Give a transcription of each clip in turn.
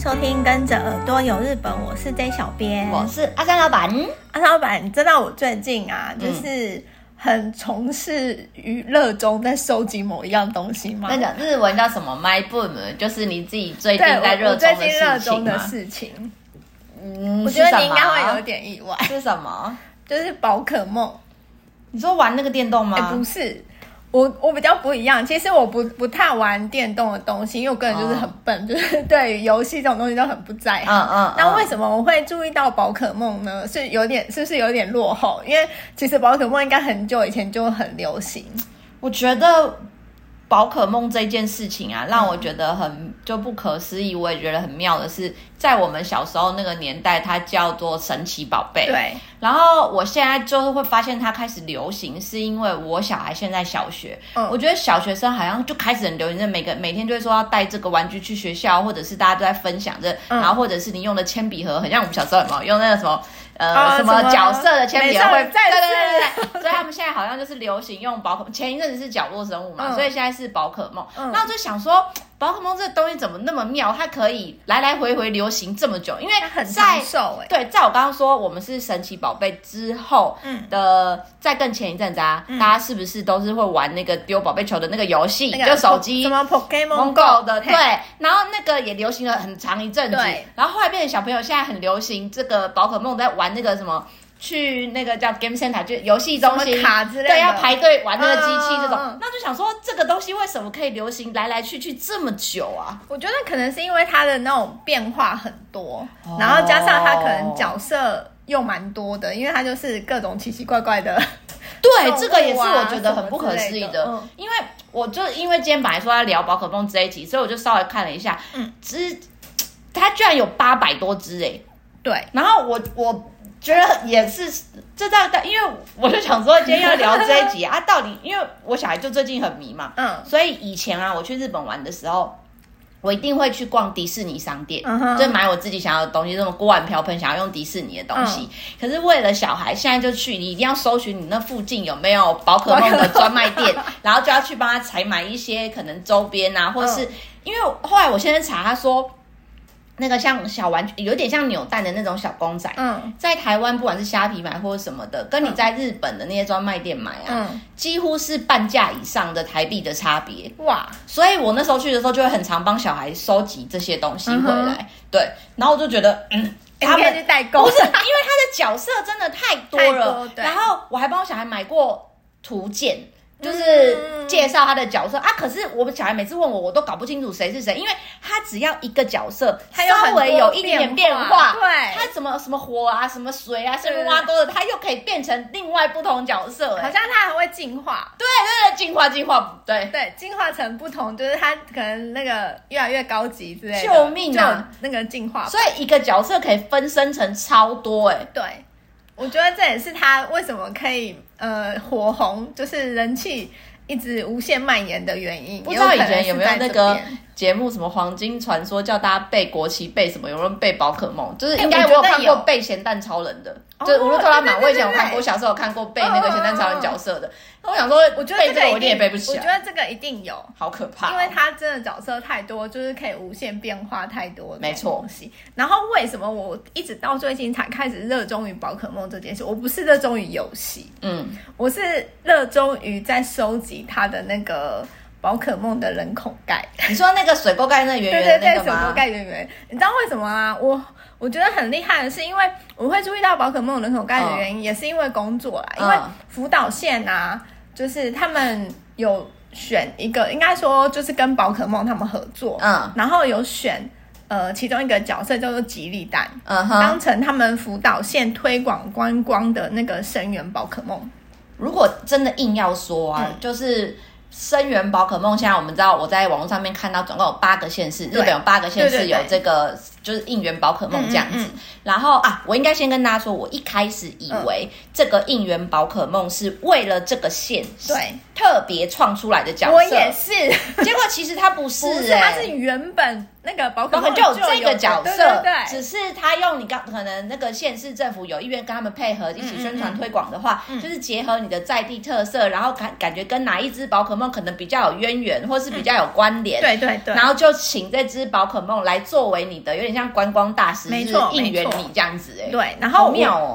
收聽跟着耳朵遊日本，我是 J 小編，我是阿三老闆。阿三、啊、老闆，你知道我最近啊，就是很從事於熱衷在收集某一樣東西嗎？嗯、那講日文叫什麼？My Boom，就是你自己最近在熱衷、衷的事情。嗯，我覺得你應該會有點意外。嗯、是什麼？ 就是寶可夢。你說玩那個電動嗎？欸、不是。我我比較不一樣，其實我不不太玩電動的東西，因為我個人就是很笨，uh. 就是對遊戲這種東西都很不在行。那、uh, uh, uh. 為什麼我會注意到寶可夢呢？是有點，是不是有點落後？因為其實寶可夢應該很久以前就很流行。我覺得。寶可夢這件事情啊，讓我覺得很，就不可思議，嗯、我也覺得很妙的是，在我們小時候那個年代，它叫做神奇寶貝。對。然後我現在就是會發現它開始流行，是因為我小孩現在小學，嗯、我覺得小學生好像就開始很流行，就每個每天就會說要帶這個玩具去學校，或者是大家都在分享着，嗯、然後或者是你用的鉛筆盒，很像我們小時候有沒有用那個什麼。呃，什麼，什麼角色的簽名會？事對，對對對對對， 所以他們現在好像就是流行用寶可，前一陣子是角落生物嘛，嗯、所以現在是寶可夢。嗯、那我就想說。寶可夢這個東西怎麼那麼妙？它可以來來回回流行這麼久，因為在它很在手、欸。哎。對，在我剛剛說我們是神奇寶貝之後的，再、嗯、更前一陣子啊，嗯、大家是不是都是會玩那個丟寶貝球的那個遊戲？那個、就手機什麼 Pokemon Go 的嘿對，然後那個也流行了很長一陣子，對然後後來變成小朋友現在很流行這個寶可夢在玩那個什麼。去那個叫 Game Center 就遊戲中心，卡之類的，對，要排隊玩那個機器這種，啊、那就想說這個東西為什麼可以流行來來去去這麼久啊？我覺得可能是因為它的那種變化很多，哦、然後加上它可能角色又蠻多的，因為它就是各種奇奇怪怪的。對，這，啊、這個也是我覺得很不可思議的，的嗯、因為我就因為今天本來說要聊寶可夢這一集，所以我就稍微看了一下，嗯，只它居然有八百多只哎、欸，對，然後我我。覺得也是，這道但因為我就想說，今天要聊這一集 啊，到底因為我小孩就最近很迷嘛，嗯，所以以前啊，我去日本玩的時候，我一定會去逛迪士尼商店，嗯、哼就買我自己想要的東西，這種鍋碗瓢盆，想要用迪士尼的東西。嗯、可是為了小孩，現在就去，你一定要搜尋你那附近有沒有寶可夢的專賣店， 然後就要去幫他採買一些可能周邊啊，或是、嗯、因為後來我現在查，他說。那個像小玩具，有點像扭蛋的那種小公仔，嗯、在台灣不管是蝦皮買或者什麼的，跟你在日本的那些專賣店買啊，嗯、幾乎是半價以上的台幣的差別哇！所以我那時候去的時候就會很常幫小孩收集這些東西回來，嗯哼，對，然後我就覺得、嗯、他們是代購，不是因為他的角色真的太多了，太多，對，然後我還幫我小孩買過圖鑑。就是介紹他的角色、嗯、啊，可是我們小孩每次問我，我都搞不清楚誰是誰，因為他只要一個角色，他又稍微有一點點變化變化，對，他什麼什麼火啊，什麼水啊，對什麼挖多的，他又可以變成另外不同角色，好像他還會進化，對對對，進化進化，對對，進化成不同，就是他可能那個越來越高級之類，救命啊，那個進化，所以一個角色可以分身成超多哎，對，我覺得這也是他為什麼可以。呃，火紅就是人氣一直無限蔓延的原因。不知道以前有，有沒有那個。節目什麼黃金傳說，叫大家背國旗背什麼？有人背寶可夢，就是應該我有看過背鹹蛋超人的，欸、就是烏魯特拉瑪我以前有看過，小時候有看過背那個鹹蛋超人角色的。那我，我想說，我覺得這個我一定也背不起，我覺得這個一定有，好可怕，哦，因為它真的角色太多，就是可以無限變化太多的東西。沒錯。然後為什麼我一直到最近才開始熱衷於寶可夢這件事？我不是熱衷於遊戲，嗯，我是熱衷於在收集它的那個。寶可夢的人孔蓋，你說那個水溝蓋，那圓圓那個嗎？對對對，水溝蓋圓圓。你知道為什麼啊？我我覺得很厲害的是，因為我會注意到寶可夢人孔蓋的原因，哦、也是因為工作啦。嗯、因為福島縣啊，就是他們有選一個，應該說就是跟寶可夢他們合作，嗯，然後有選呃其中一個角色叫做吉利蛋，嗯哼，當成他們福島縣推廣觀光的那個聲援寶可夢。如果真的硬要說啊，嗯、就是。聲援寶可夢，現在我們知道，我在網絡上面看到，總共有八個縣市，對對對對，日本有八個縣市有這個。就是應援寶可夢這樣子，嗯嗯嗯，然後啊，我應該先跟大家說，我一開始以為這個應援寶可夢是為了這個縣對，特別創出來的角色。我也是， 結果其實它不是、欸、不是，他是原本那個寶可夢就有這個角色，對，對，對，對，只是他用你剛可能那個縣市政府有意願跟他們配合一起宣傳推廣的話，嗯嗯嗯，就是結合你的在地特色，然後感感覺跟哪一隻寶可夢可能比較有淵源，或是比較有關聯、嗯，對對對，對，然後就請這隻寶可夢來作為你的有點。像觀光大使，沒錯，應援你這樣子哎，對，然後我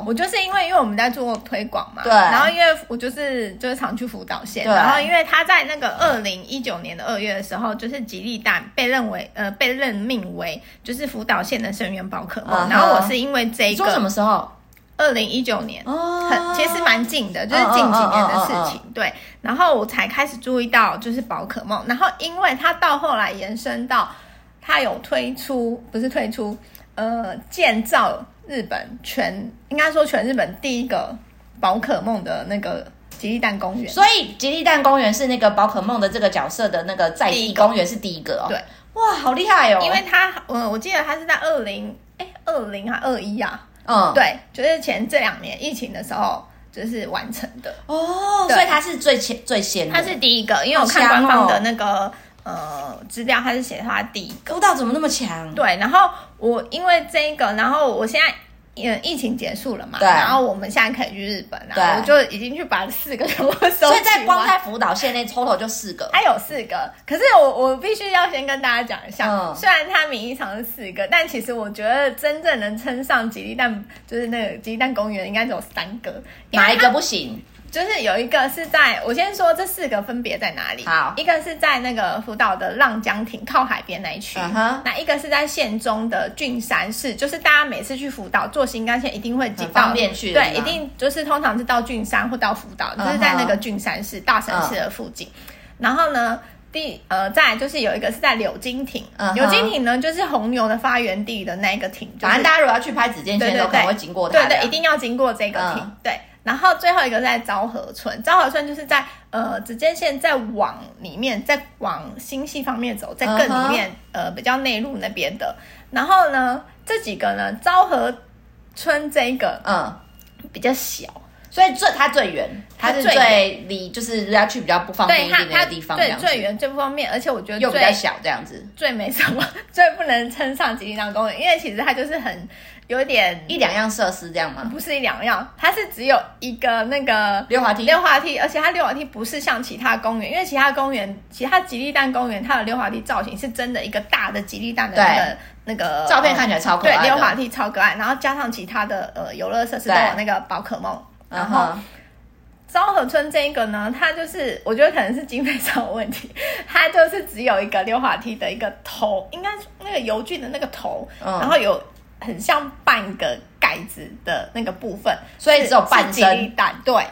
我就是因為因為我們在做推廣嘛，對，然後因為我就是就是常去福島縣，然後因為他在那個二零一九年的二月的時候，就是吉利蛋被認為呃被任命為就是福島縣的聲援寶可夢，然後我是因為這一個說什麼時候？二零一九年哦，其實蠻近的，就是近幾年的事情，對，然後我才開始注意到就是寶可夢，然後因為他到後來延伸到。他有推出，不是推出，呃，建造日本全，應該說全日本第一個寶可夢的那個吉利蛋公園。所以吉利蛋公園是那個寶可夢的這個角色的那個在地公園是第一個哦。對，哇，好厲害哦！因為它，呃，我記得它是在二零、欸，哎，二零啊，二一啊，嗯，對，就是前這兩年疫情的時候就是完成的。哦，對所以它是最前最先的。它是第一個，因為我看官方的那個。呃，資料它是寫它第一個，福島怎麼那麼強？對，然後我因為這一個，然後我現在疫情結束了嘛，對，然後我們現在可以去日本了，然後我就已經去把四個全部收，所以在光在福島縣內抽頭就四個，還有四個，可是我我必須要先跟大家講一下，嗯、雖然它名義上是四個，但其實我覺得真正能稱上吉利蛋就是那個吉利蛋公園，應該只有三個，哪一個不行？就是有一個是在我先說這四個分別在哪裡？好，一個是在那個福島的浪江町，靠海邊那一區。嗯哼、uh，huh、那一個是在縣中的郡山市，就是大家每次去福島坐新幹線一定會擠到去的。對，樣一定就是通常是到郡山或到福島，uh huh、就是在那個郡山市大城市的附近。Uh huh、然後呢，第呃，再來就是有一個是在柳津町，uh huh、柳津町呢就是紅牛的發源地的那個町，反正大家如果要去拍紫箭線，都可能會經過。Huh、對，對，對，對，對，對對，一定要經過這個町。Uh huh、對。然後最後一個是在昭和村。昭和村就是在呃，只見線再往裡面，再往新潟方面走，再更裡面，uh huh. 呃比較內陸那邊的，然後呢，這幾個呢，昭和村這一個嗯、uh, 比較小，所以最它最遠，它是最離，最離就是要去比較不方便一它的地方這，對，最遠最不方便，而且我覺得最又比較小這樣子，最沒什麼，最不能稱上吉林當公園，因為其實它就是很。有一點一兩樣設施這樣嗎？不是一兩樣，它是只有一個那個溜滑梯，溜滑梯，而且它溜滑梯不是像其他公園，因為其他公園，其他吉利蛋公園它的溜滑梯造型是真的一個大的吉利蛋的那個對那個，呃、照片看起來超可愛，對，溜滑梯超可愛，然後加上其他的呃遊樂設施，還有那個寶可夢，對然後昭和村這一個呢，它就是我覺得可能是經費上有問題，它就是只有一個溜滑梯的一個頭，應該那個遊具的那個頭，嗯、然後有。很像半個蓋子的那個部分，是所以只有半身。對，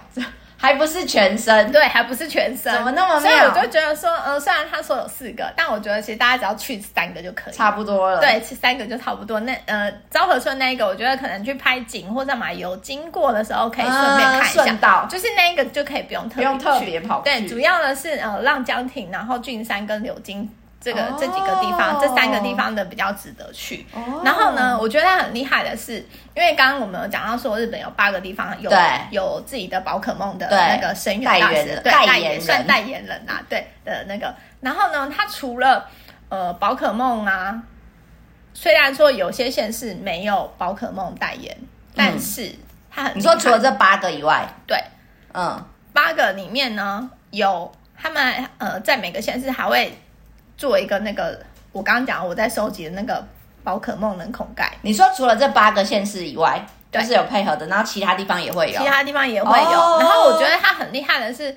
還不是全身。對，還不是全身。怎麼那麼？所以我就覺得說，呃，雖然他說有四個，但我覺得其實大家只要去三個就可以。差不多了。對，去三個就差不多。那呃，昭和村那一個，我覺得可能去拍景或者買油經過的時候可以順便看一下。嗯、順道，就是那個就可以不用特別特別跑。對，主要的是呃浪江亭，然後俊山跟柳津。這個這幾個地方，哦、這三個地方的比較值得去。哦、然後呢，我覺得他很厲害的是，因為剛剛我們有講到說，日本有八個地方有對有自己的寶可夢的那個聲援大使、對代言，對代言算代言人啊，對，的那個。然後呢，他除了呃寶可夢啊，雖然說有些縣市沒有寶可夢代言，嗯、但是他很你說除了這八個以外，對，嗯，八個裡面呢，有他們呃在每個縣市還會。做一個那個，我剛剛講我在收集的那個寶可夢人孔蓋。你說除了這八個縣市以外，對都是有配合的，然後其他地方也會有，其他地方也會有。哦、然後我覺得它很厲害的是，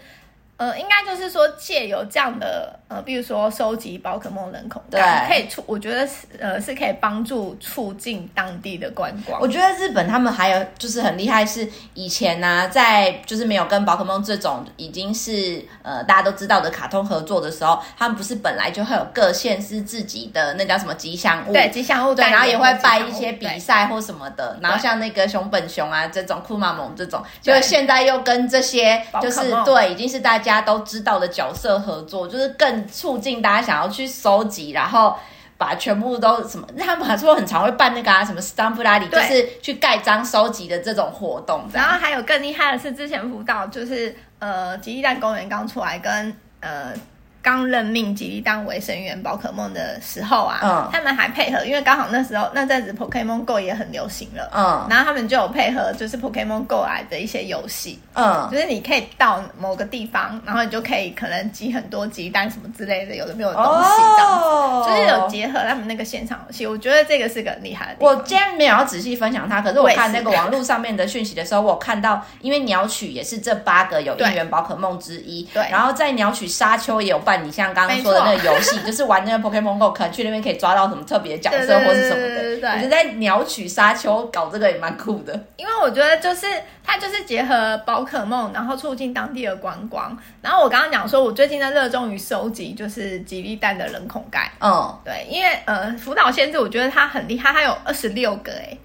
呃，應該就是說借由這樣的。呃，比如說收集寶可夢人孔，對，可以促，我覺得是呃是可以幫助促進當地的觀光。我覺得日本他們還有就是很厲害，是以前呢、啊，在就是沒有跟寶可夢這種已經是呃大家都知道的卡通合作的時候，他們不是本來就會有各縣市自己的那叫什麼吉祥物？對，吉祥物。對，然後也會辦一些比賽或什麼的。對然後像那個熊本熊啊，這種庫瑪蒙這種，就是現在又跟這些就是對，是對已經是大家都知道的角色合作，就是更。促進大家想要去收集，然後把全部都什麼？他們還是很常會辦那個、啊、什麼 stamp rally, 對就是去蓋章收集的這種活動。然後還有更厲害的是，之前輔導就是呃，吉地站公園剛出來跟呃。剛任命吉利蛋為聲援寶可夢的時候啊，嗯、他們還配合，因為剛好那時候那陣子 Pokemon Go 也很流行了，嗯，然後他們就有配合，就是 Pokemon Go 來的一些遊戲，嗯，就是你可以到某個地方，然後你就可以可能集很多吉利蛋什麼之類的，有的沒有東西到，哦、就是有結合他們那個現場遊戲，我覺得這個是個厲害的。我既然沒有要仔細分享它，可是我看那個網絡上面的訊息的時候，對我看到因為鳥取也是這八個有聲援寶可夢之一，對，然後在鳥取沙丘也有。你像剛剛說的那個遊戲，錯就是玩那個 Pokemon Go， 可能去那邊可以抓到什麼特別的角色或是什麼的。我覺得在鳥取沙丘搞這個也蠻酷的。因為我覺得就是它就是結合寶可夢，然後促進當地的觀光。然後我剛剛講說，我最近在熱衷於收集就是吉利蛋的人孔蓋。嗯，對，因為呃，福島縣是我覺得它很厲害，它有二十六個哎，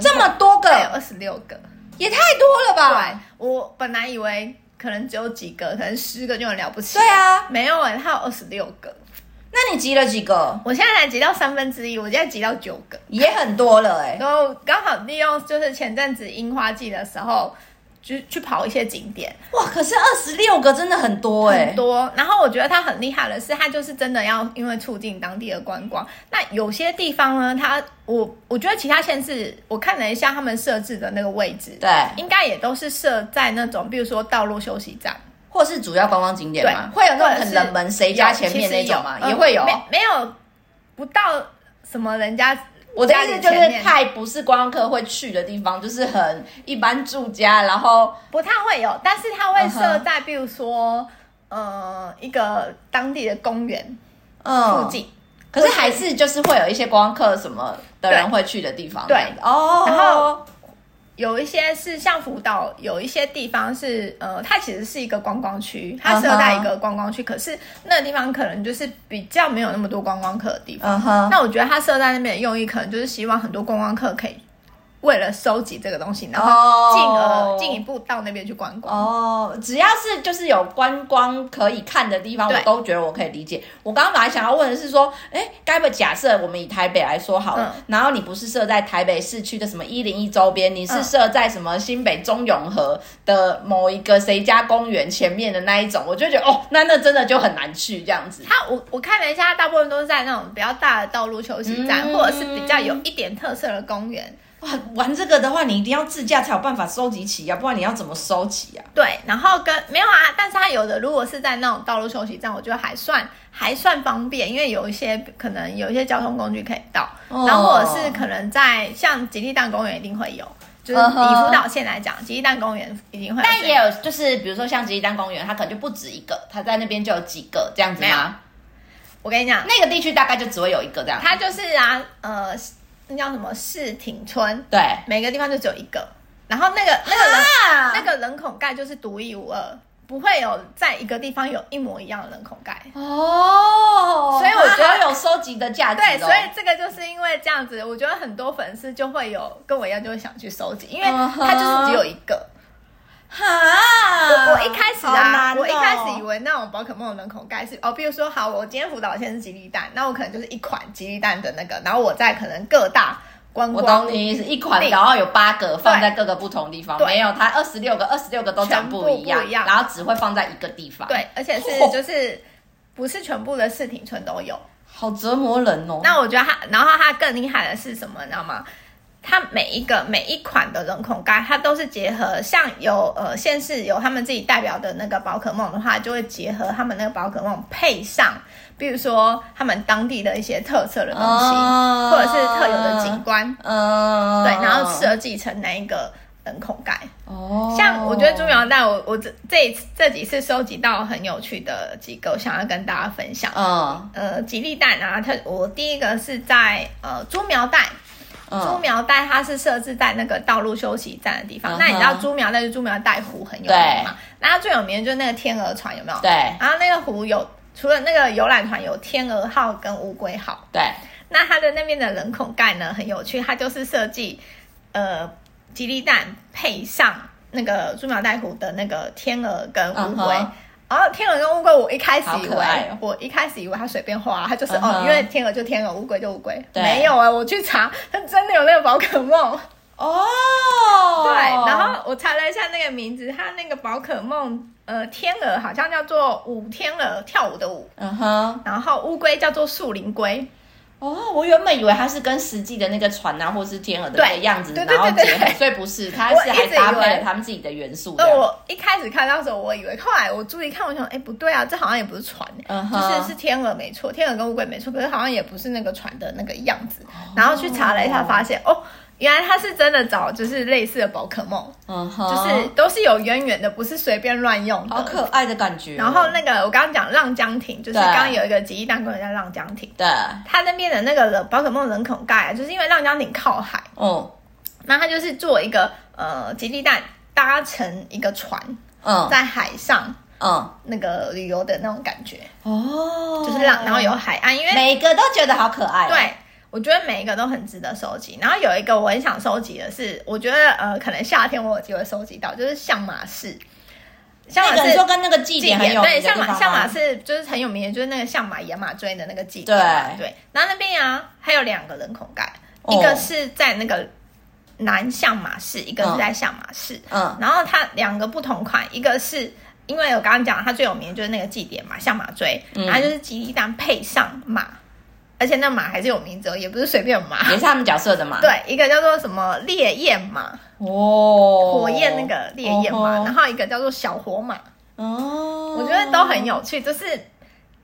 這麼多個，有二十六個，也太多了吧？對，我本來以為。可能只有幾個，可能十個就很了不起了。對啊，沒有誒，他有二十六個。那你集了幾個？我現在才集到三分之一，我現在集到九個，也很多了誒。然後剛好利用就是前陣子櫻花季的時候。就去，去跑一些景點，哇！可是二十六個真的很多欸，很多。然後我覺得他很厲害的是，他就是真的要因為促進當地的觀光。那有些地方呢，他我我覺得其他縣市，我看了一下他們設置的那個位置，對，應該也都是設在那種，比如說道路休息站，或是主要觀光景點嗎？對，會有那種很冷門誰家前面那種嗎？呃，也會有，呃，沒，沒有不到什麼人家。我的意思就是太不是觀光客會去的地方，就是很一般住家，然後不太會有，但是他會設在，uh huh. 比如說呃一個當地的公園嗯，附近，嗯、附近可是還是就是會有一些觀光客什麼的人會去的地方，對哦，對 oh, 然後。有一些是像福島，有一些地方是呃，它其實是一個觀光區，它設在一個觀光區，uh huh. 可是那個地方可能就是比較沒有那麼多觀光客的地方。Uh huh. 那我覺得它設在那邊的用意，可能就是希望很多觀光客可以。為了收集這個東西，然後進而進一步到那邊去觀光。哦，oh, oh, 只要是就是有觀光可以看的地方，對我都覺得我可以理解。我剛剛本來想要問的是說，誒，該不假設我們以台北來說好了，嗯、然後你不是設在台北市區的什麼一零一周邊，你是設在什麼新北中永和的某一個誰家公園前面的那一種，我就覺得哦，那那真的就很難去這樣子。他我我看了一下，大部分都是在那種比較大的道路休息站，嗯、或者是比較有一點特色的公園。哇，玩這個的話，你一定要自駕才有辦法收集齊呀、啊，不然你要怎麼收集啊？對，然後跟沒有啊，但是他有的，如果是在那種道路休息站，我覺得還算還算方便，因為有一些可能有一些交通工具可以到，哦、然後或者是可能在像吉利蛋公園一定會有，哦、就是以福島縣來講，呵呵吉利蛋公園一定會有。但也有就是，比如說像吉利蛋公園，它可能就不止一個，它在那邊就有幾個這樣子。沒有啊，我跟你講，那個地區大概就只會有一個這樣，它就是啊，呃。那叫什麼市町村？對，每個地方就只有一個，然後那個那個哈那個人孔蓋就是獨一無二，不會有在一個地方有一模一樣的人孔蓋哦。所以我覺得有收集的價值。還對，所以這個就是因為這樣子，我覺得很多粉絲就會有跟我一樣，就會想去收集，因為它就是只有一個。嗯哈！我 Huh? 我一開始啊，哦、我一開始以為那種寶可夢人孔蓋是哦，比如說好，我今天輔導先是吉利蛋，那我可能就是一款吉利蛋的那個，然後我在可能各大觀光地是一款，然後有八個放在各個不同地方，對沒有，它二十六個，二十六個都長不一樣，一樣然後只會放在一個地方。對，而且是，哦、就是不是全部的市町村全都有，好折磨人哦。那我覺得它，然後它更厲害的是什麼，你知道嗎？它每一個每一款的人孔蓋，它都是結合像有呃縣市有他們自己代表的那個寶可夢的話，就會結合他們那個寶可夢配上，比如說他們當地的一些特色的東西，哦、或者是特有的景觀，哦、對，然後設計成那一個人孔蓋。哦、像我覺得豬苗代，我我這這這幾次收集到很有趣的幾個，想要跟大家分享。哦、呃，吉利蛋啊，它我第一個是在呃豬苗代。豬苗代它是設置在那個道路休息站的地方。嗯、哼那你知道豬苗代？豬苗代湖很有名嘛？對那它最有名就是那個天鵝船，有沒有？對。然後那個湖有，除了那個遊覽船有天鵝號跟烏龜號。對。那它的那邊的人孔蓋呢很有趣，它就是設計，呃，吉利蛋配上那個豬苗代湖的那個天鵝跟烏龜。嗯然後天鵝跟烏龜，我一開始以為，喔、我一開始以為它隨便畫，它就是、uh huh、哦，因為天鵝就天鵝，烏龜就烏龜，對沒有啊，我去查，它真的有那個寶可夢哦，oh、對，然後我查了一下那個名字，它那個寶可夢，呃，天鵝好像叫做舞天鵝，跳舞的舞，嗯哼、uh，huh、然後烏龜叫做樹林龜。哦，我原本以為它是跟實際的那個船吶、啊，或是天鵝的那個樣子，對然後結合，所以不是，它是還搭配了他們自己的元素。那我，我一開始看到時候，我以為，後來我注意看，我想，哎，不對啊，這好像也不是船，嗯、uh，huh. 就是是天鵝沒錯，天鵝跟烏龜沒錯，可是好像也不是那個船的那個樣子，然後去查了一下，發現、oh. 哦。原來他是真的找，就是類似的寶可夢，嗯、uh，huh. 就是都是有淵源的，不是隨便亂用的。好可愛的感覺、哦。然後那個我剛剛講浪江亭，就是剛剛有一個吉利蛋公人叫浪江亭，對，他那邊的那個寶可夢人孔蓋，就是因為浪江亭靠海，嗯、uh，那、huh. 他就是做一個呃吉利蛋，搭乘一個船，uh huh. 在海上，嗯、uh，huh. 那個旅遊的那種感覺，哦、uh，huh. 就是浪，然後有海岸，因為每個都覺得好可愛，對。我覺得每一個都很值得收集，然後有一個我很想收集的是，我覺得呃，可能夏天我有機會收集到，就是相馬市。相馬市就跟那個祭典很有名。對，相馬相馬市就是很有名的，嗯、就是那個相馬野馬追的那個祭典。對，對。然後那邊啊，還有兩個人孔蓋，哦、一個是在那個南相馬市，一個是在相馬市。嗯。然後它兩個不同款，一個是因為我剛剛講它最有名就是那個祭典嘛，相馬追，嗯、它就是吉利蛋配上馬。而且那馬還是有名字哦，也不是隨便馬，也是他們角色的馬。對，一個叫做什麼烈焰馬哦，火焰那個烈焰馬，哦，然後一個叫做小火馬哦，我覺得都很有趣，就是。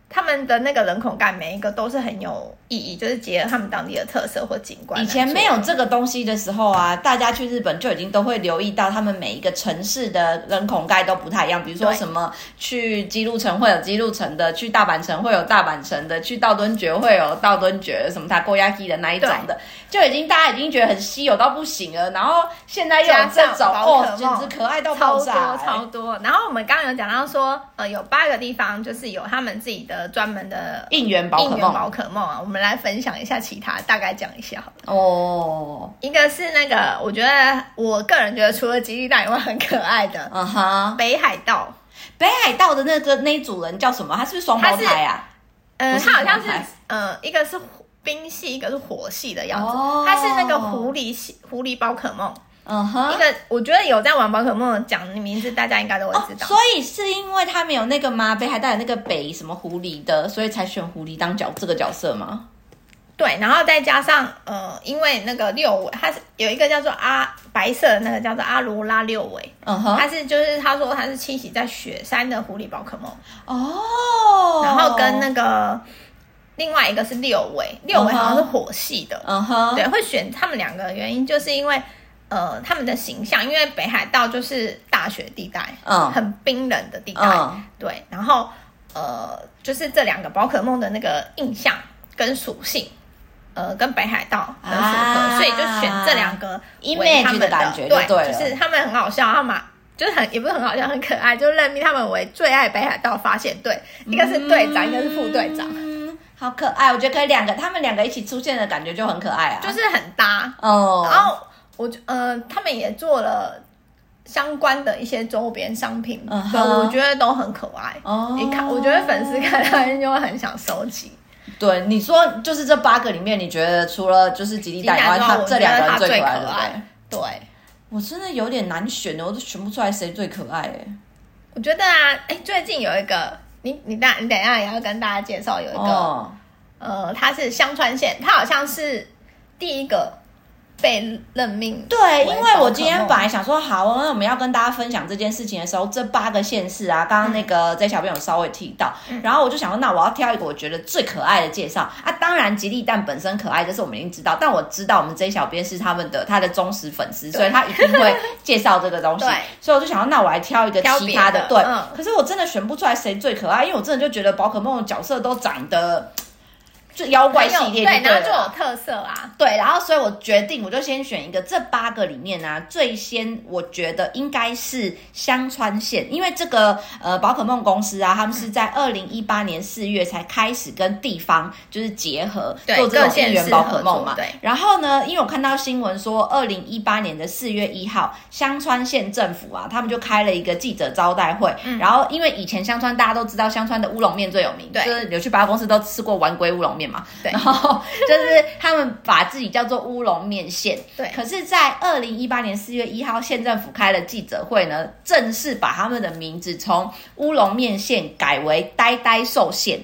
他們的那個人孔蓋每一個都是很有意義，就是結合他們當地的特色或景觀、啊。以前沒有這個東西的時候啊，嗯、大家去日本就已經都會留意到，他們每一個城市的人孔蓋都不太一樣。比如說什麼去姬路城會有姬路城的，對去大阪城會有大阪城的，去道頓崛會有道頓崛什麼塔勾亞基的那一種的，對就已經大家已經覺得很稀有到不行了。然後現在又有這種有哦，簡直可愛到爆，超多超多，超多。然後我們剛剛有講到說，呃，有八個地方就是有他們自己的。呃，專門的應援寶可夢啊，我們來分享一下其他，大概講一下好了，好哦，一個是那個，我覺得我個人覺得除了吉利蛋以外很可愛的，Uh-huh. 北海道，北海道的那個那一組人叫什麼？他是不是雙胞胎啊他是呃，是他好像是呃，一個是冰系，一個是火系的樣子，Oh. 他是那個狐狸系狐狸寶可夢。嗯哼，那、uh huh. 個我覺得有在玩寶可夢，講的名字大家應該都會知道。Oh, 所以是因為他沒有那個嗎啡，還帶有那個北什麼狐狸的，所以才選狐狸當角這個角色嗎？對，然後再加上呃，因為那個六尾，它是有一個叫做阿白色的那個叫做阿羅拉六尾，嗯哼、uh，他、huh. 是就是他說他是棲息在雪山的狐狸寶可夢哦，oh. 然後跟那個另外一個是六尾，六尾好像是火系的，嗯哼、uh，huh. uh huh. 對，會選他們兩個原因就是因為。呃，他們的形象，因為北海道就是大雪地帶，嗯，很冰冷的地帶，嗯、對。然後，呃，就是這兩個寶可夢的那個印象跟屬性，呃，跟北海道很符合，啊、所以就選這兩個。因為他們的，image 的感覺，對，對，就是他們很好笑，他們就是很也不是很好笑，很可愛，就任命他們為最愛北海道發現隊，一個是隊長，一個、嗯、是副隊長，嗯，好可愛，我覺得可以兩個，他們兩個一起出現的感覺就很可愛啊，就是很搭，哦，然後。我呃，他們也做了相關的一些周邊商品，對、Uh-huh. 我覺得都很可愛。Oh. 你看，我覺得粉絲看到應該會很想收集。對，你說就是這八個裡面，你覺得除了就是吉利大家都這兩個人最可愛。可愛，對，我真的有點難選的，我都選不出來誰最可愛哎。對我覺得啊，哎、欸，最近有一個，你你等你等一下也要跟大家介紹有一個，oh. 呃，他是香川縣，他好像是第一個。被任命對，因為我今天本來想說，好、哦，那我們要跟大家分享這件事情的時候，這八個縣市啊，剛剛那個 J 小編有稍微提到，嗯、然後我就想說，那我要挑一個我覺得最可愛的介紹啊。當然，吉利蛋本身可愛，這是我們已經知道。但我知道我們 J 小編是他們的他的忠實粉絲，所以他一定會介紹這個東西。對所以我就想說，那我來挑一個其他的，的對，對。可是我真的選不出來誰最可愛，因為我真的就覺得寶可夢的角色都長得。就妖怪系列有，對，對，那就有特色啦，啊。對，然後所以我決定，我就先選一個這八個裡面呢，啊，最先我覺得應該是香川縣，因為這個呃，寶可夢公司啊，他們是在二零一八年四月才開始跟地方就是結合做這種聲援寶可夢嘛對。對，然後呢，因為我看到新聞說，二零一八年的四月一號，香川縣政府啊，他們就開了一個記者招待會。嗯，然後因為以前香川大家都知道，香川的烏龍面最有名，對，就是有去八家公司都吃過丸龜烏龍麵。對，然後就是他們把自己叫做烏龍麵縣，對。可是，在二零一八年四月一號，縣政府開了記者會呢，正式把他們的名字從烏龍麵縣改為呆呆獸縣，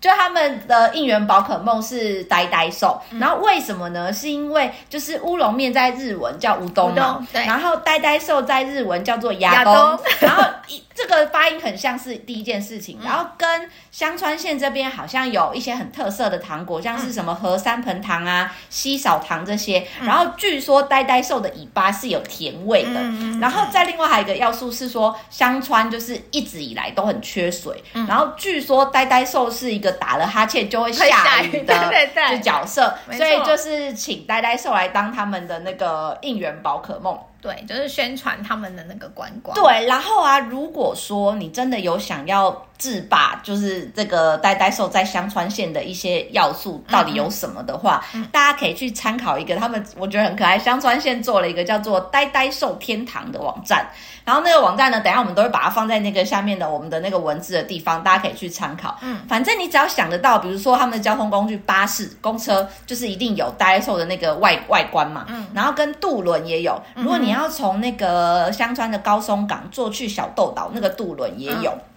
就他們的應援寶可夢是呆呆獸，嗯、然後為什麼呢？是因為就是烏龍麵在日文叫烏冬，烏冬然後呆呆獸在日文叫做亞牙冬， 然後一。這個發音很像，是第一件事情，嗯、然後跟香川縣這邊好像有一些很特色的糖果，像是什麼和三盆糖啊、稀少糖這些。嗯、然後據說呆呆獸的尾巴是有甜味的，嗯、然後再另外還有一個要素是說，香川就是一直以來都很缺水，嗯、然後據說呆呆獸是一個打了哈欠就會下雨的角色，嗯、所以就是請呆呆獸來當他們的那個應援寶可夢。對，就是宣傳他們的那個觀光。對，然後啊，如果說你真的有想要。制霸就是這個呆呆獸在香川縣的一些要素到底有什麼的話，嗯嗯、大家可以去參考一個他們，我覺得很可愛。香川縣做了一個叫做“呆呆獸天堂”的網站，然後那個網站呢，等一下我們都會把它放在那個下面的我們的那個文字的地方，大家可以去參考。嗯，反正你只要想得到，比如說他們的交通工具巴士、公車，就是一定有呆呆獸的那個外外觀嘛。嗯，然後跟渡輪也有，如果你要從那個香川的高松港坐去小豆島，那個渡輪也有。嗯嗯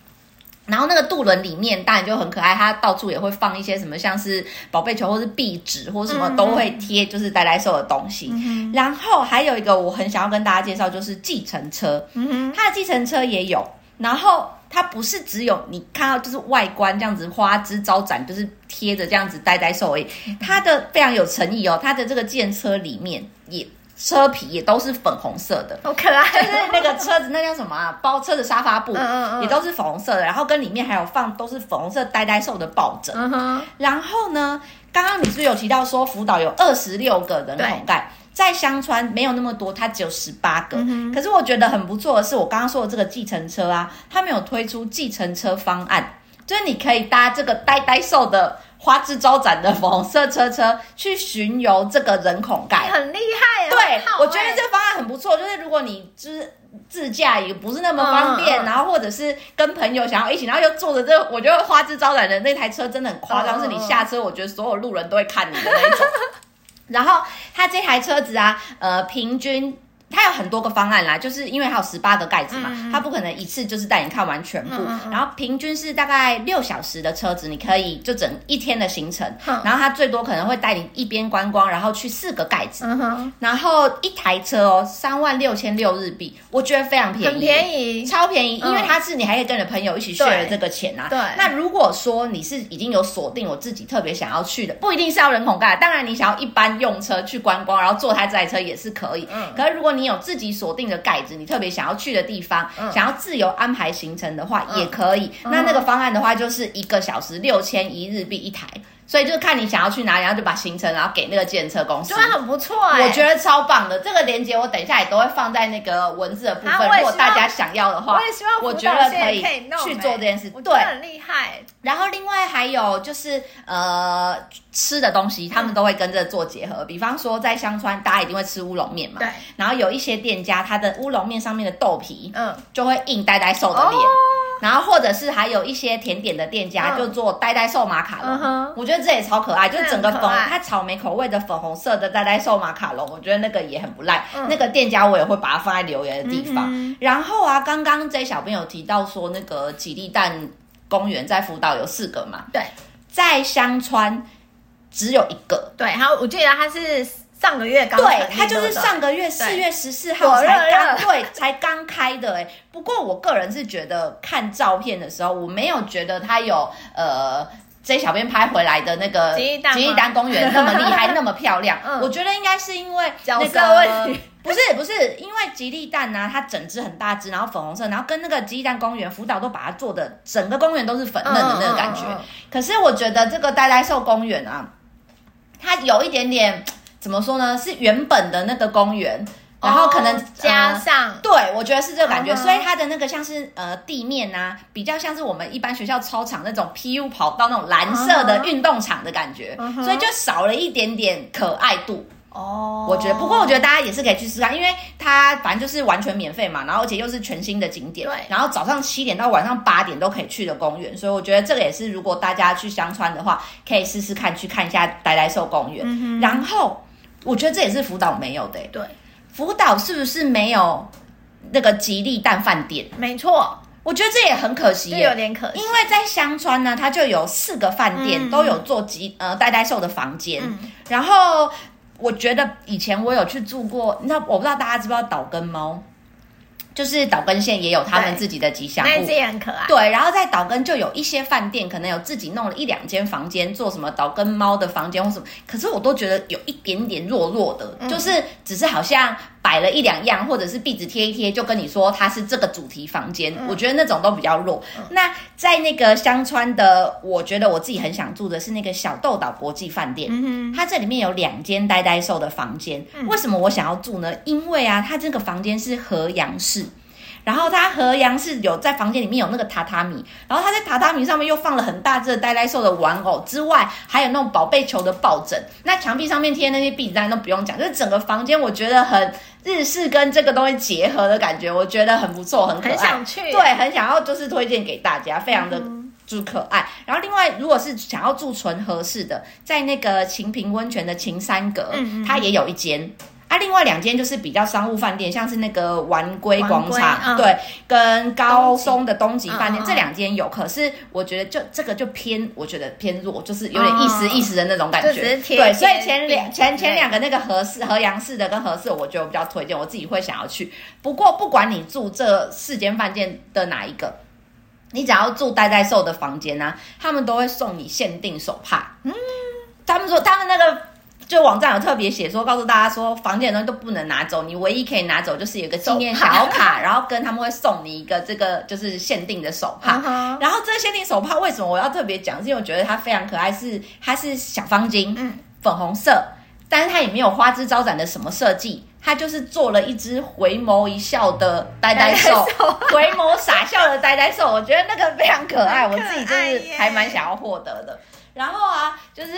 然後那個渡輪裡面當然就很可愛，它到處也會放一些什麼，像是寶貝球或是壁紙或是什麼、嗯、哼都會貼，就是呆呆獸的東西。嗯、哼然後還有一個我很想要跟大家介紹，就是計程車，它的計程車也有。然後它不是只有你看到就是外觀這樣子花枝招展，就是貼着這樣子呆呆獸而已。它的非常有誠意哦，它的這個計程車裡面也。車皮也都是粉紅色的，好可愛，就是那個車子，那叫什麼啊？包車的沙發布也都是粉紅色的，然後跟裡面還有放都是粉紅色呆呆獸的抱枕。然後呢，剛剛你是不是有提到說福島有二十六個人孔蓋，在香川沒有那麼多，它只有十八個。可是我覺得很不錯的是，我剛剛說的這個計程車啊，他們有推出計程車方案，就是你可以搭這個呆呆獸的花枝招展的粉紅色車車去巡遊這個人孔蓋，很厲害啊！對，我覺得這方案很不錯。就是如果你就是自駕，也不是那麼方便，然後或者是跟朋友想要一起，然後又坐着這，我覺得花枝招展的那台車真的很誇張。是，你下車，我覺得所有路人都會看你的那種。然後他這台車子啊，呃，平均。它有很多個方案啦、啊，就是因為它有十八個蓋子嘛，嗯、它不可能一次就是帶你看完全部，嗯嗯嗯、然後平均是大概六小時的車子，你可以就整一天的行程，嗯、然後它最多可能會帶你一邊觀光，然後去四個蓋子，嗯嗯、然後一台車哦，三萬六千六日幣，我覺得非常便宜，很便宜，超便宜，嗯、因為它是你還可以跟你的朋友一起 share 的這個錢吶、啊。對，那如果說你是已經有鎖定我自己特別想要去的，不一定是要人孔蓋，當然你想要一般用車去觀光，然後坐它這台車也是可以，嗯，可是如果。你有自己鎖定的蓋子，你特別想要去的地方，嗯、想要自由安排行程的話，也可以。嗯、那那個方案的話，就是一個小時六千日幣一台。所以就是看你想要去哪裡，然後就把行程，然後給那個計程車公司。覺得很不錯啊、欸。我覺得超棒的。這個鏈接我等一下也都會放在那個文字的部分，啊、如果大家想要的話。我也希望我覺得可以去做這件事。我欸、對，很厲害。然後另外還有就是呃，吃的東西他們都會跟着做結合。嗯、比方說在香川，大家一定會吃烏龍麵嘛。對。然後有一些店家，他的烏龍麵上面的豆皮，嗯，就會印呆呆獸的臉。哦然後，或者是還有一些甜點的店家，嗯，就做呆呆獸馬卡龍，嗯，哼我覺得這也超可愛，就是整個粉，它草莓口味的粉紅色的呆呆獸馬卡龍，我覺得那個也很不賴。嗯，那個店家我也會把它放在留言的地方。嗯，哼然後啊，剛剛這小朋友提到說，那個吉利蛋公園在福島有四個嘛？對，在香川只有一個。對，然後我記得它是。上個月剛，對，他就是上個月四月十四號才剛，對，對才剛開的哎。熱熱不過我個人是覺得看照片的時候，我沒有覺得它有呃 J 小編拍回來的那個吉利蛋公園那麼厲害 那麼漂亮。嗯、我覺得應該是因為那個不是不是因為吉利蛋啊，它整只很大只，然後粉紅色，然後跟那個吉利蛋公園、福島都把它做的整個公園都是粉嫩的那個感覺。嗯、可是我覺得這個呆呆獸公園啊，它有一點點。怎麼說呢？是原本的那個公園，然後可能、哦、加上、嗯，對，我覺得是這個感覺。嗯、哼所以它的那個像是呃地面啊，比較像是我們一般學校操場那種 PU 跑道那種藍色的運動場的感覺，嗯、哼所以就少了一點點可愛度。哦、嗯哼，我覺得。不過我覺得大家也是可以去試試看，因為它反正就是完全免費嘛，然後而且又是全新的景點，對然後早上七點到晚上八點都可以去的公園，所以我覺得這個也是如果大家去香川的話，可以試試看去看一下呆呆獸公園，嗯、哼然後。我覺得這也是福島沒有的、欸。對，福島是不是沒有那個吉利蛋飯店？沒錯，我覺得這也很可惜、欸，也有點可惜。因為在香川呢，它就有四個飯店、嗯、都有做吉呃,呃呆呆獸的房間。嗯、然後我覺得以前我有去住過，那我不知道大家知不知道島根貓。就是島根縣也有他們自己的吉祥物，那這很可愛。對，然後在島根就有一些飯店，可能有自己弄了一兩間房間，做什麼島根貓的房間或什麼，可是我都覺得有一點點弱弱的，嗯、就是只是好像。擺了一兩樣，或者是壁紙貼一貼，就跟你說它是這個主題房間。嗯、我覺得那種都比較弱。嗯、那在那個香川的，我覺得我自己很想住的是那個小豆島國際飯店。嗯、哼它這裡面有兩間呆呆獸的房間。嗯、為什麼我想要住呢？因為啊，它這個房間是和洋式。然後他和洋是有在房間裡面有那個榻榻米，然後他在榻榻米上面又放了很大只的呆呆獸的玩偶，之外還有那種寶貝球的抱枕。那牆壁上面貼的那些壁紙，都不用講，就是整個房間我覺得很日式跟這個東西結合的感覺，我覺得很不錯，很可愛。很想去、啊，對，很想要就是推薦給大家，非常的就可愛。嗯、然後另外，如果是想要住純和式的，在那個琴平溫泉的琴參閣，它、嗯、也有一間。啊、另外兩間就是比較商務飯店，像是那個丸龜廣場，哦、對，跟高松的東極飯店、哦、這兩間有，可是我覺得就這個就偏，我覺得偏弱，就是有點意思意思的那種感覺。哦、貼貼對，貼貼所以前兩貼貼前貼貼前兩個那個和式和洋式的跟和式，我覺得我比較推薦，我自己會想要去。不過不管你住這四間飯店的哪一個，你只要住呆呆獸的房間呢、啊，他們都會送你限定手帕。嗯、他們說他們那個。就網站有特別寫說，告訴大家說，房間的東西都不能拿走，你唯一可以拿走就是有個紀念小卡，帕然後跟他們會送你一個這個就是限定的手帕。嗯、哼然後這限定手帕為什麼我要特別講？是因為我覺得它非常可愛是，是它是小方巾，嗯，粉紅色，但是它也沒有花枝招展的什麼設計，它就是做了一只回眸一笑的呆呆獸，呆呆獸啊、回眸傻笑的呆呆獸，我覺得那個非常可愛，我自己就是還蠻想要獲得的。然後啊，就是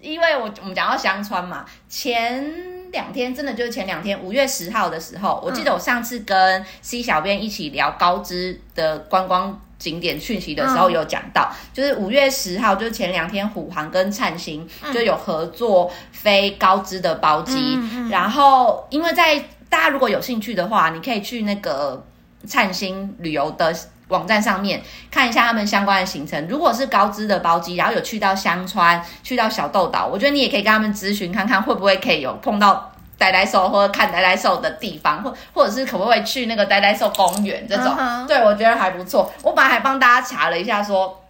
因為我我們講到香川嘛，前兩天真的就是前兩天，五月十號的時候，嗯、我記得我上次跟 C 小編一起聊高知的觀光景點訊息、嗯、的時候，有講到，就是五月十號，就是前兩天，虎航跟燦星就有合作飛高知的包機。嗯、然後，因為在大家如果有興趣的話，你可以去那個燦星旅遊的網站上面看一下他們相關的行程，如果是高知的包機，然後有去到香川、去到小豆島，我覺得你也可以跟他們諮詢看看，會不會可以有碰到呆呆獸或者看呆呆獸的地方，或或者是可不可以去那個呆呆獸公園這種，uh huh. 對，我覺得還不錯。我本來還幫大家查了一下說。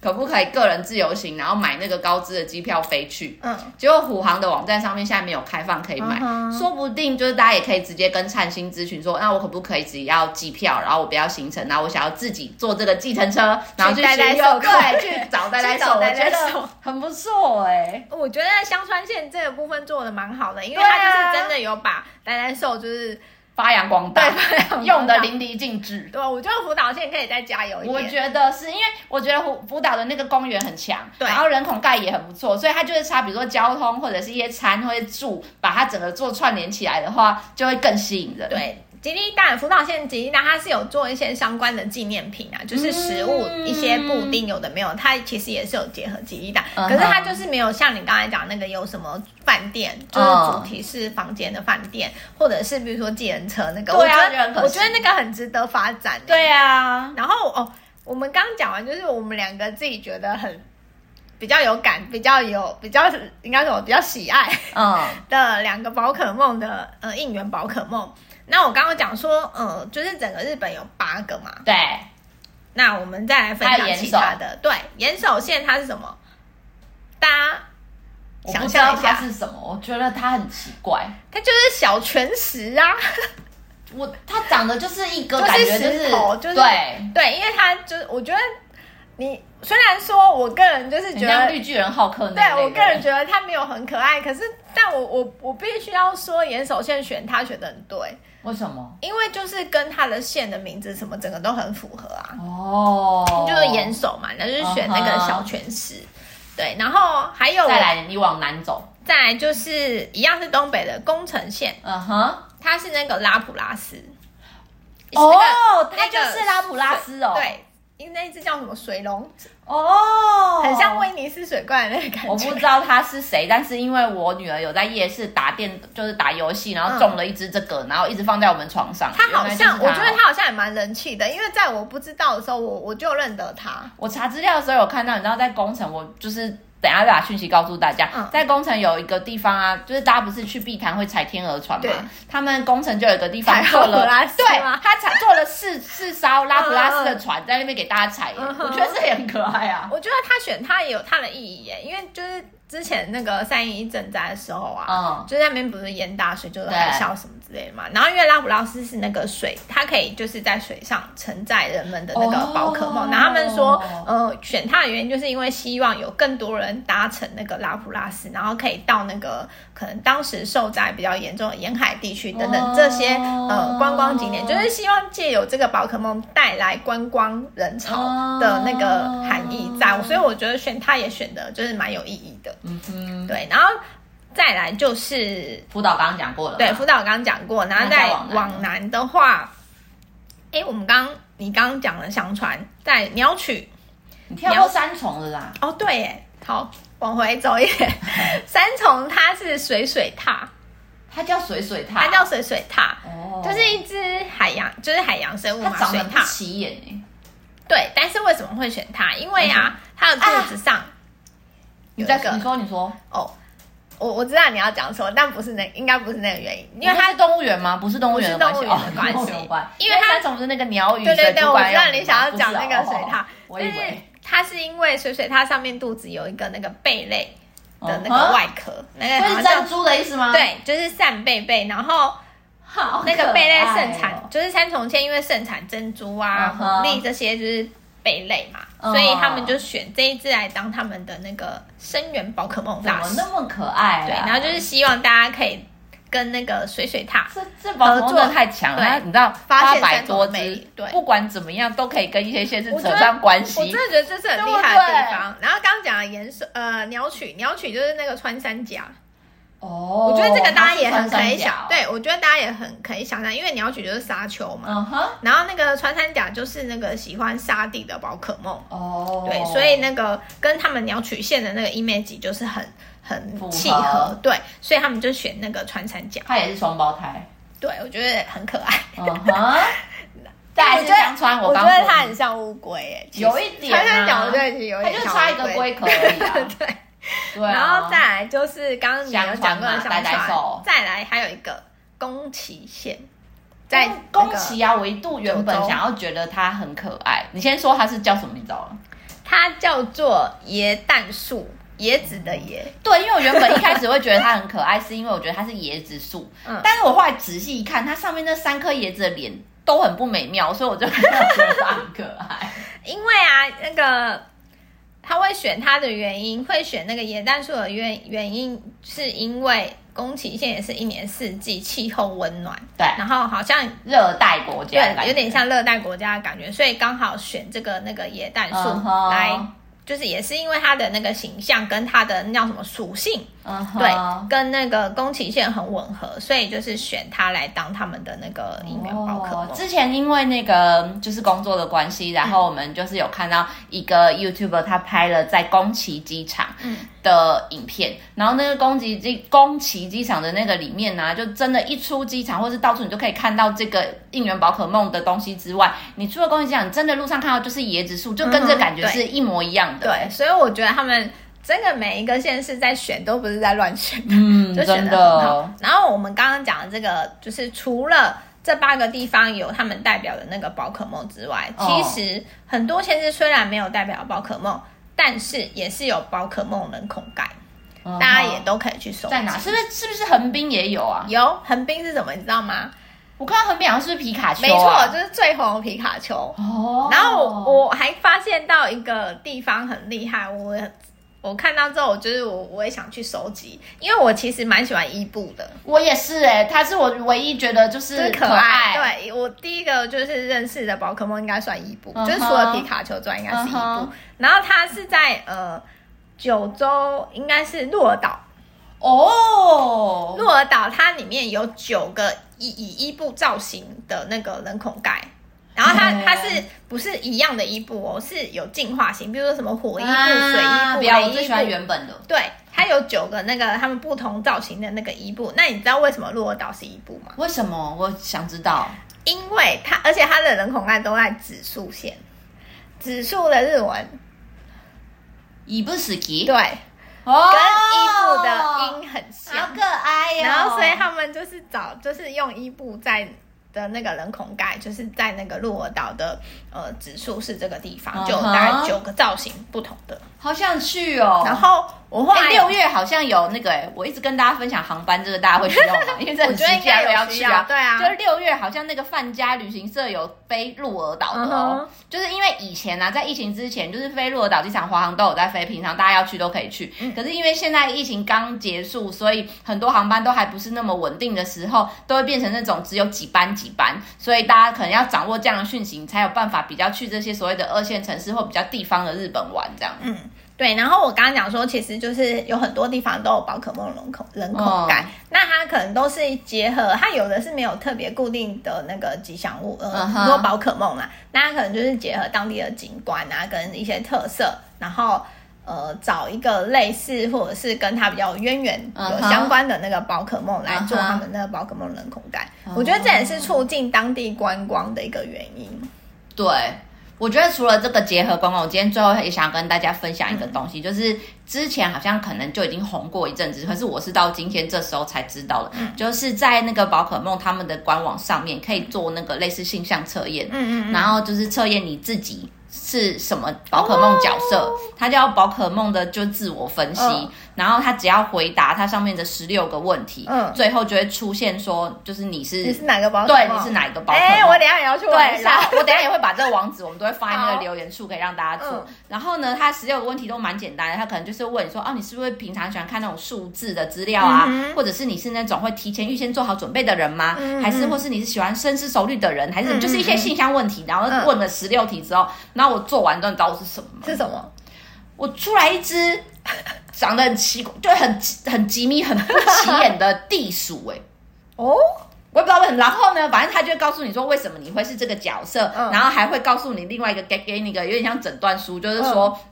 可不可以個人自由行，然後買那個高資的機票飛去？嗯，結果虎航的網站上面現在沒有開放可以買，嗯、哼說不定就是大家也可以直接跟燦星諮詢說，那我可不可以只要機票，然後我不要行程，然後我想要自己坐這個計程車，然後去呆呆獸，對，去找呆呆獸，呆呆獸很不錯哎、欸，我覺得在香川縣這個部分做得蠻好的，因為它就是真的有把呆呆獸就是。發揚光大，對，發揚光大用的淋漓盡致。對，我覺得福島現在可以再加油一點。我覺得是因為我覺得福福島的那個公園很強，對然後人孔蓋也很不錯，所以它就是差，比如說交通或者是一些餐或者住，把它整個做串聯起來的話，就會更吸引人。對。吉利蛋福島縣吉利蛋，它是有做一些相關的紀念品啊，就是食物、嗯、一些布丁，有的沒有，它其實也是有結合吉利蛋，uh huh. 可是它就是沒有像你剛才講的那個有什麼飯店，uh huh. 就是主題是房間的飯店，oh. 或者是比如說計程車那個、啊我覺得，我覺得那個很值得發展，欸。對啊，然後哦，我們剛剛講完就是我們兩個自己覺得很比較有感，比較有比較應該說比較喜愛的兩個寶可夢的，oh. 呃應援寶可夢。那我剛剛講說，呃、嗯，就是整個日本有八個嘛。對。那我們再來分享其他的。對，岩手縣它是什麼？大家，想象一下是什麼？我覺得它很奇怪。它就是小拳石啊。 我，它長得就是一個就是 感覺就是，頭就是、對對，因為它就我覺得你雖然說，我個人就是覺得你綠巨人好可愛，對我個人覺得它沒有很可愛，可是但我我我必須要說，岩手縣選它選的很對。為什麼？因為就是跟他的縣的名字什麼，整個都很符合啊。哦，oh. 就是岩手嘛，那就是選那個小泉市。Uh huh. 對，然後還有再來、就是，你往南走，再來就是一樣是東北的宮城縣。嗯哼、uh，他、huh. 是那個拉普拉斯。哦、oh, 那個，那就是拉普拉斯哦。對。那一隻叫什麼水龍哦，oh, 很像威尼斯水怪那個感覺。我不知道它是誰，但是因為我女兒有在夜市打電，就是打遊戲，然後中了一隻這個，嗯、然後一直放在我們床上。它好像，他我覺得它好像也蠻人氣的，因為在我不知道的時候，我我就認得它。我查資料的時候有看到，你知道，在工程我就是。等一下再把訊息告訴大家，嗯、在工程有一個地方啊，就是大家不是去碧潭會踩天鵝船嘛？對他們工程就有一個地方做了，後對，他踩做了四 四艘拉普拉斯的船在那邊給大家踩耶，嗯、我覺得是很可愛啊。我覺得他選他也有他的意義耶，因為就是之前那個三一一震災的時候啊，嗯、就是那邊不是淹大水，就是海嘯什麼。對嘛，然後因為拉普拉斯是那個水，它可以就是在水上承載人們的那個寶可夢。那、oh. 他們說，呃，選它的原因就是因為希望有更多人搭乘那個拉普拉斯，然後可以到那個可能當時受災比較嚴重的沿海地區等等這些呃觀光景點，就是希望借由這個寶可夢帶來觀光人潮的那個含義在，所以我覺得選它也選的，就是蠻有意義的。嗯，oh. 對，然後。再來就是福島剛剛講過了，對，福島剛講過，然後再往南的話，哎、欸，我們剛你剛剛講了相傳在鳥取，你跳到三重了啦、啊，哦對，哎，好，往回走一點， 三重它是水水獺，它叫水水獺，它叫水水獺哦，就是一隻海洋，就是海洋生物嘛，水獺長得不起眼哎，對，但是為什麼會選它？因為呀、啊，它的肚子上有、啊，你在你說你說哦。我我知道你要講什麼，但不是那，應該不是那個原因，因為它是動物園嗎？不是動物園，是動物園的關係。因為三重是那個鳥語。對對對，我知道你想要講那個水獺，但是它是因為水水獺它上面肚子有一個那個貝類的那個外殼，那個是像珍珠的意思嗎？對，就是扇貝貝，然後好那個貝類盛產，就是三重縣，因為盛產珍珠啊、牡蠣這些，就是。類，類嘛，嗯、所以他們就選這一隻來當他們的那個聲援寶可夢大使，怎麼那麼可愛！對，然後就是希望大家可以跟那個水水獺，這這寶可夢太強了，嗯、你知道八百多隻，對，不管怎麼樣都可以跟一些現實扯上關係，我真的覺得這是很厲害的地方。對對，然後剛剛講的顏色，呃，鳥取、鳥取就是那個穿山甲。哦，我覺得這個大家也很可以想，對，我覺得大家也很可以想象，因為鳥取就是沙丘嘛，然後那個穿山甲就是那個喜歡沙地的寶可夢，哦，對，所以那個跟他們鳥取縣的那個 image 就是很很契合，對，所以他們就選那個穿山甲。他也是雙胞胎，對我覺得很可愛。嗯哼，我覺得穿，我覺得它很像烏龜，哎，有一點穿山甲，的對，是有點，他就差一個龜殼而已。對。啊、然後再來就是剛剛講了講過的，傳再來還有一個宮崎縣，在、那個、宮崎啊，我一度原本想要覺得它很可愛。宮你先說它是叫什麼名字？你知道嗎？它叫做椰蛋樹，椰子的椰。對，因為我原本一開始會覺得它很可愛， 是因為我覺得它是椰子樹。嗯，但是我後來仔細一看，它上面那三顆椰子的臉都很不美妙，所以我就覺得它很可愛。 因為啊，那個。他會選他的原因，會選那個椰蛋樹的原原因，原因是因為宮崎縣也是一年四季氣候溫暖，對，然後好像熱帶國家，對，有點像熱帶國家的感覺，所以剛好選這個那個椰蛋樹來，uh huh. 就是也是因為它的那個形象跟它的那叫什麼屬性。Uh huh. 對，跟那個宮崎縣很吻合，所以就是選他來當他們的那個應援寶可夢。之前因為那個就是工作的關係，然後我們就是有看到一個 YouTuber，他拍了在宮崎機場的影片。Uh huh. 然後那個宮崎機宮崎機場的那個裡面呢、啊，就真的，一出機場或是到處你就可以看到這個應援寶可夢的東西之外，你出了宮崎機場，你真的路上看到就是椰子樹，就跟這感覺是一模一樣的、uh huh. 對。對，所以我覺得他們。真的每一個縣市在選都不是在亂選的，嗯， 就選的很好。的然後我們剛剛講的這個，就是除了這八個地方有他們代表的那個寶可夢之外，哦、其實很多縣市雖然沒有代表寶可夢，哦、但是也是有寶可夢人孔蓋，哦、大家也都可以去搜。在哪？是不是？是不是橫濱也有啊？有橫濱是什麼？你知道嗎？我看到橫濱好像是皮卡丘、啊？沒錯，就是最紅的皮卡丘。哦。然後我，我還發現到一個地方很厲害，我。我看到之後，我就是我，我也想去收集，因為我其實蠻喜歡伊布的。我也是誒、欸，他是我唯一覺得就是可愛。可愛，對我第一個就是認識的寶可夢應該算伊布，uh huh. 就是除了皮卡丘之外應該是伊布。Uh huh. 然後他是在呃九州，應該是鹿兒島。哦，鹿兒島，它裡面有九個以以伊布造型的那個人孔蓋。然後它、嗯、它是不是一樣的伊布哦？是有進化型，比如說什麼火伊布、啊、水伊布，布不要。我最喜歡原本的。對，它有九個那個他們不同造型的那個伊布。那你知道為什麼鹿兒島是伊布嗎？為什麼我想知道？因為它而且它的人孔蓋都在指宿市，指宿的日文伊布斯基對，哦，跟伊布的音很像好可愛呀、哦！然後所以他們就是找，就是用伊布在。的那個人孔蓋，就是在那個鹿兒島的。呃，指宿是這個地方，就大概九個造型不同的，uh huh、好想去哦。然後我後來六月好像有那個誒，我一直跟大家分享航班，這個大家會知道嗎？因為這 我覺得應該有要去啊，對啊。就六月好像那個范家旅行社有飛鹿兒島的哦，uh huh、就是因為以前啊，在疫情之前，就是飛鹿兒島機場，華航都有在飛，平常大家要去都可以去。嗯、可是因為現在疫情剛結束，所以很多航班都還不是那麼穩定的時候，都會變成那種只有幾班幾班，所以大家可能要掌握這樣的訊息，你才有辦法。比較去這些所謂的二線城市或比較地方的日本玩，這樣。嗯，對。然後我剛剛講說，其實就是有很多地方都有寶可夢人孔人孔蓋，oh. 那它可能都是結合它有的是沒有特別固定的那個吉祥物，很多寶可夢嘛，那它可能就是結合當地的景觀啊跟一些特色，然後呃找一個類似或者是跟它比較淵源有相關的那個寶可夢來做他們那個寶可夢人孔蓋。Uh huh. 我覺得這也是促進當地觀光的一個原因。對，我覺得除了這個結合觀光，我今天最後也想跟大家分享一個東西，嗯、就是之前好像可能就已經紅過一陣子，可是我是到今天這時候才知道的，嗯、就是在那個寶可夢他們的官網上面可以做那個類似性向測驗，嗯嗯嗯，然後就是測驗你自己是什麼寶可夢角色，它、哦、叫寶可夢的就自我分析。哦然後他只要回答他上面的十六個問題，最後就會出現說，就是你是你是哪個寶？對，你是哪一個寶？哎，我等下也要去問一下。我等下也會把這個網址，我們都會發一個留言處，可以讓大家做。然後呢，他十六個問題都蠻簡單的，他可能就是問說，哦，你是不是平常喜歡看那種數字的資料啊？或者是你是那種會提前預先做好準備的人嗎？還是或是你是喜歡深思熟慮的人？還是就是一些信箱問題？然後問了十六題之後，然後我做完之後，你知道是什麼嗎？是什麼？我出來一隻。長得很奇怪，就很很機密、很不起眼的地鼠哎、欸，哦，我也不知道為什麼。然後呢，反正他就會告訴你說為什麼你會是這個角色，嗯、然後還會告訴你另外一個，給給你個有點像診斷書，就是說。嗯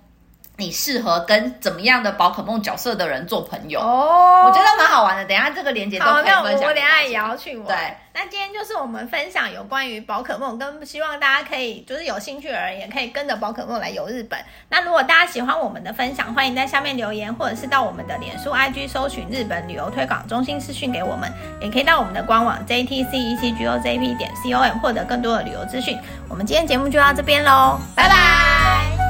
你適合跟怎麼樣的寶可夢角色的人做朋友？哦，我覺得蠻好玩的。等一下這個連結都可以分享。Oh, 分享 那我等下也要去玩。對，那今天就是我們分享有關於寶可夢，跟希望大家可以就是有興趣的人也可以跟着寶可夢來遊日本。那如果大家喜歡我們的分享，歡迎在下面留言，或者是到我們的臉書、IG 搜尋日本旅遊推廣中心私訊給我們，也可以到我們的官網 j t c e c g o j p 點 c o m 獲得更多的旅遊資訊。我們今天節目就到這邊嘍，拜拜。